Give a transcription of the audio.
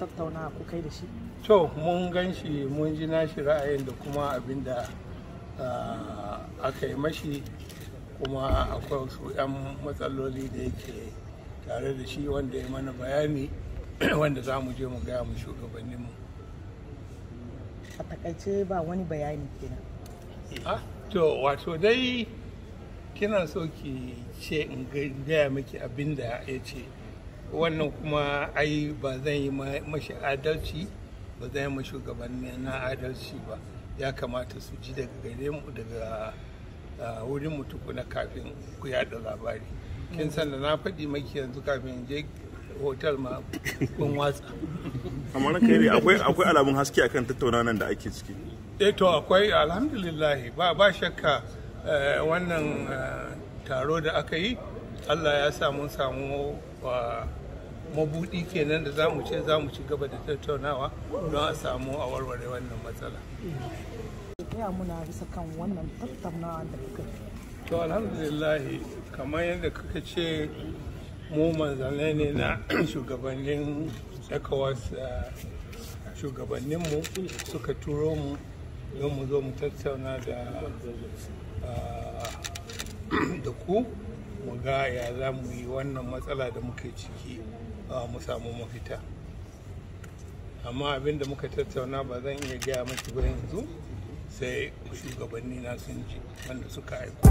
tattauna ku kai da shi to mun gan shi mun ji nashi ra'ayin da kuma abin da aka yi mashi kuma akwai wasu 'yan matsaloli da yake tare da shi wanda ya mana bayani wanda za mu je mu gaya mu shugabanninmu a takaice ba wani bayani kenan ah, to wato dai kina so ki ce in gaya miki abin da ya ce wannan kuma ai ba zan yi mashi adalci ba zan yi mashi na adalci ba ya kamata su ji daga gare mu daga wurin mu tukuna kafin ku yada labari kin san da na faɗi maki yanzu kafin je hotel ma kun watsa kamar kai ne akwai akwai alamun haske akan tattauna nan da ake ciki eh to akwai alhamdulillah ba ba shakka eh, wannan eh, taro da aka yi allah ya sa mun samu mabudi kenan da zamu ce zamu ci gaba da tattaunawa don a samu a warware wannan matsala ya muna bisa kan wannan tattaunawa da kuka to alhamdulillah kamar yadda kuka ce mu manzane ne na shugabannin ecowas shugabanninmu suka turo mu don mu zo mu tattauna da ah, ku mu ga ya za mu yi wannan matsala da muke ciki mu samu mafita amma abin da muka tattauna ba zan iya gaya maki ba yanzu sai shugabanni na sun ji wanda suka aiko